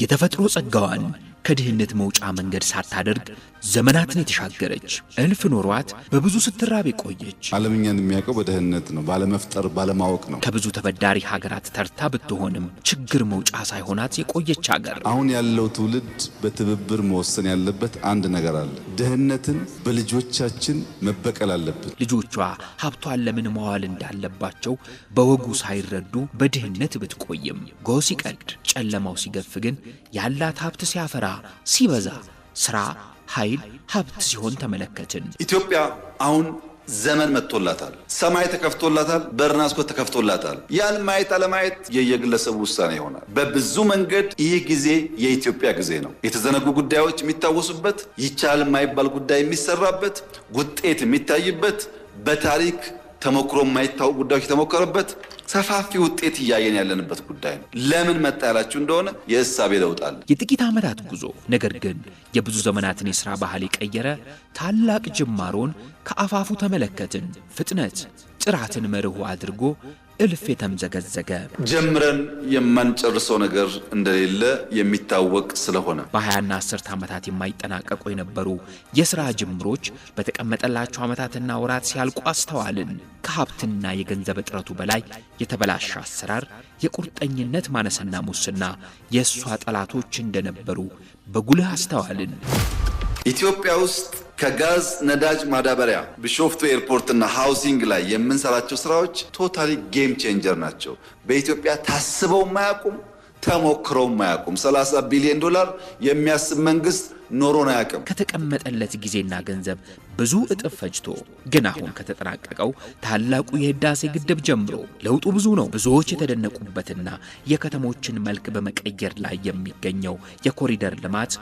የተፈጥሮ ጸጋዋን ከድህነት መውጫ መንገድ ሳታደርግ ዘመናትን የተሻገረች እልፍ ኖሯት በብዙ ስትራብ የቆየች ዓለምኛን የሚያውቀው በድህነት ነው፣ ባለመፍጠር ባለማወቅ ነው። ከብዙ ተበዳሪ ሀገራት ተርታ ብትሆንም ችግር መውጫ ሳይሆናት የቆየች ሀገር። አሁን ያለው ትውልድ በትብብር መወሰን ያለበት አንድ ነገር አለ። ድህነትን በልጆቻችን መበቀል አለብን። ልጆቿ ሀብቷን ለምን መዋል እንዳለባቸው በወጉ ሳይረዱ በድህነት ብትቆይም ጎህ ሲቀድ ጨለማው ሲገፍ ግን ያላት ሀብት ሲያፈራ ሲበዛ ስራ፣ ኃይል፣ ሀብት ሲሆን ተመለከትን። ኢትዮጵያ አሁን ዘመን መጥቶላታል። ሰማይ ተከፍቶላታል። በርናስኮ ተከፍቶላታል። ያን ማየት አለማየት የየግለሰቡ ውሳኔ ይሆናል። በብዙ መንገድ ይህ ጊዜ የኢትዮጵያ ጊዜ ነው። የተዘነጉ ጉዳዮች የሚታወሱበት፣ ይቻል የማይባል ጉዳይ የሚሰራበት፣ ውጤት የሚታይበት በታሪክ ተሞክሮ የማይታወቅ ጉዳዮች የተሞከረበት ሰፋፊ ውጤት እያየን ያለንበት ጉዳይ ነው። ለምን መጣ ያላችሁ እንደሆነ የእሳቤ ለውጣል። የጥቂት ዓመታት ጉዞ ነገር ግን የብዙ ዘመናትን የሥራ ባህል የቀየረ ታላቅ ጅማሮን ከአፋፉ ተመለከትን። ፍጥነት ጥራትን መርሁ አድርጎ እልፍ የተምዘገዘገ ጀምረን የማንጨርሰው ነገር እንደሌለ የሚታወቅ ስለሆነ በሀያና አስርት ዓመታት የማይጠናቀቁ የነበሩ የሥራ ጅምሮች በተቀመጠላቸው ዓመታትና ወራት ሲያልቁ አስተዋልን። ከሀብትና የገንዘብ እጥረቱ በላይ የተበላሸ አሰራር፣ የቁርጠኝነት ማነስና ሙስና የእሷ ጠላቶች እንደነበሩ በጉልህ አስተዋልን። ኢትዮጵያ ውስጥ ከጋዝ ነዳጅ፣ ማዳበሪያ ቢሾፍቱ ኤርፖርትና ሃውሲንግ ላይ የምንሰራቸው ስራዎች ቶታሊ ጌም ቼንጀር ናቸው። በኢትዮጵያ ታስበው ማያቁም ተሞክረው ማያቁም 30 ቢሊዮን ዶላር የሚያስብ መንግስት ኖሮን አያውቅም። ከተቀመጠለት ጊዜና ገንዘብ ብዙ እጥፍ ፈጅቶ ግን አሁን ከተጠናቀቀው ታላቁ የህዳሴ ግድብ ጀምሮ ለውጡ ብዙ ነው። ብዙዎች የተደነቁበትና የከተሞችን መልክ በመቀየር ላይ የሚገኘው የኮሪደር ልማት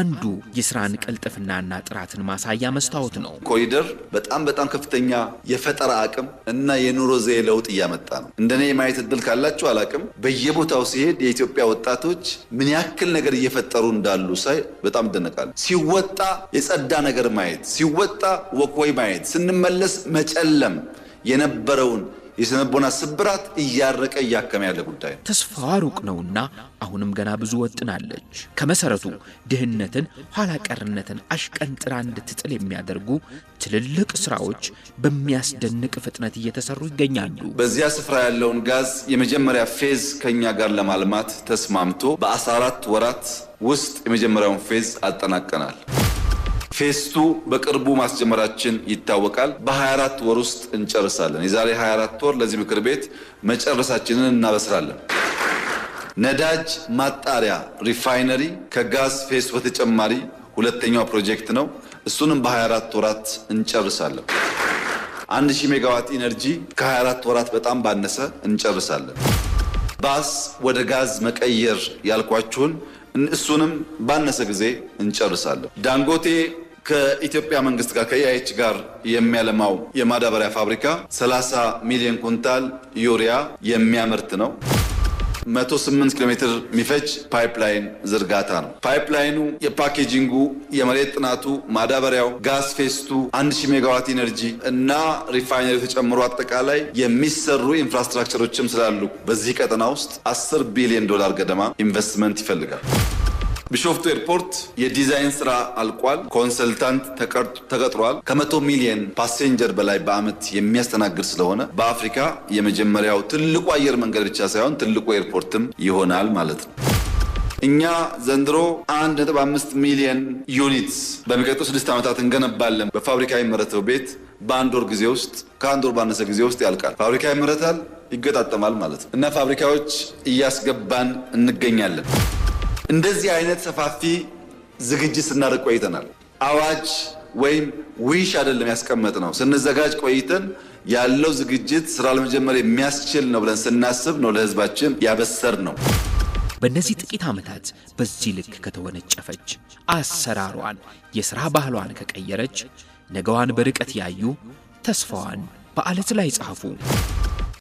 አንዱ የስራን ቅልጥፍናና ጥራትን ማሳያ መስታወት ነው። ኮሪደር በጣም በጣም ከፍተኛ የፈጠራ አቅም እና የኑሮ ዘዬ ለውጥ እያመጣ ነው። እንደኔ የማየት እድል ካላችሁ አላቅም። በየቦታው ሲሄድ የኢትዮጵያ ወጣቶች ምን ያክል ነገር እየፈጠሩ እንዳሉ ሳይ በጣም ደነቅ ይጠበቃል። ሲወጣ የጸዳ ነገር ማየት፣ ሲወጣ ወክወይ ማየት፣ ስንመለስ መጨለም የነበረውን የስነቦና ስብራት እያረቀ እያከመ ያለ ጉዳይ ነው። ተስፋ ሩቅ ነውና አሁንም ገና ብዙ ወጥናለች። ከመሰረቱ ድህነትን፣ ኋላ ቀርነትን አሽቀንጥራ እንድትጥል የሚያደርጉ ትልልቅ ስራዎች በሚያስደንቅ ፍጥነት እየተሰሩ ይገኛሉ። በዚያ ስፍራ ያለውን ጋዝ የመጀመሪያ ፌዝ ከኛ ጋር ለማልማት ተስማምቶ በ14 ወራት ውስጥ የመጀመሪያውን ፌዝ አጠናቀናል። ፌስቱ በቅርቡ ማስጀመራችን ይታወቃል። በ24 ወር ውስጥ እንጨርሳለን። የዛሬ 24 ወር ለዚህ ምክር ቤት መጨረሳችንን እናበስራለን። ነዳጅ ማጣሪያ ሪፋይነሪ ከጋዝ ፌስ በተጨማሪ ሁለተኛው ፕሮጀክት ነው። እሱንም በ24 ወራት እንጨርሳለን። አንድ ሺህ ሜጋዋት ኢነርጂ ከ24 ወራት በጣም ባነሰ እንጨርሳለን። ባስ ወደ ጋዝ መቀየር ያልኳችሁን እሱንም ባነሰ ጊዜ እንጨርሳለን። ዳንጎቴ ከኢትዮጵያ መንግስት ጋር ከኢአይች ጋር የሚያለማው የማዳበሪያ ፋብሪካ 30 ሚሊዮን ኩንታል ዩሪያ የሚያመርት ነው። 108 ኪሎ ሜትር የሚፈጅ ፓይፕላይን ዝርጋታ ነው። ፓይፕላይኑ፣ የፓኬጂንጉ፣ የመሬት ጥናቱ፣ ማዳበሪያው፣ ጋዝ ፌስቱ፣ 1000 ሜጋዋት ኢነርጂ እና ሪፋይነሪ ተጨምሮ አጠቃላይ የሚሰሩ ኢንፍራስትራክቸሮችም ስላሉ በዚህ ቀጠና ውስጥ 10 ቢሊዮን ዶላር ገደማ ኢንቨስትመንት ይፈልጋል። ቢሾፍቱ ኤርፖርት የዲዛይን ስራ አልቋል። ኮንሰልታንት ተቀጥሯል። ከመቶ ሚሊየን ፓሴንጀር በላይ በአመት የሚያስተናግድ ስለሆነ በአፍሪካ የመጀመሪያው ትልቁ አየር መንገድ ብቻ ሳይሆን ትልቁ ኤርፖርትም ይሆናል ማለት ነው። እኛ ዘንድሮ 1.5 ሚሊየን ዩኒትስ በሚቀጥሉ ስድስት ዓመታት እንገነባለን። በፋብሪካ የሚመረተው ቤት በአንድ ወር ጊዜ ውስጥ ከአንድ ወር ባነሰ ጊዜ ውስጥ ያልቃል። ፋብሪካ ይመረታል፣ ይገጣጠማል ማለት ነው እና ፋብሪካዎች እያስገባን እንገኛለን። እንደዚህ አይነት ሰፋፊ ዝግጅት ስናደርግ ቆይተናል። አዋጅ ወይም ዊሽ አይደለም ያስቀመጥ ነው። ስንዘጋጅ ቆይተን ያለው ዝግጅት ስራ ለመጀመር የሚያስችል ነው ብለን ስናስብ ነው ለህዝባችን ያበሰር ነው። በእነዚህ ጥቂት ዓመታት በዚህ ልክ ከተወነጨፈች፣ አሰራሯን፣ የሥራ ባህሏን ከቀየረች፣ ነገዋን በርቀት ያዩ ተስፋዋን በዓለት ላይ ጻፉ።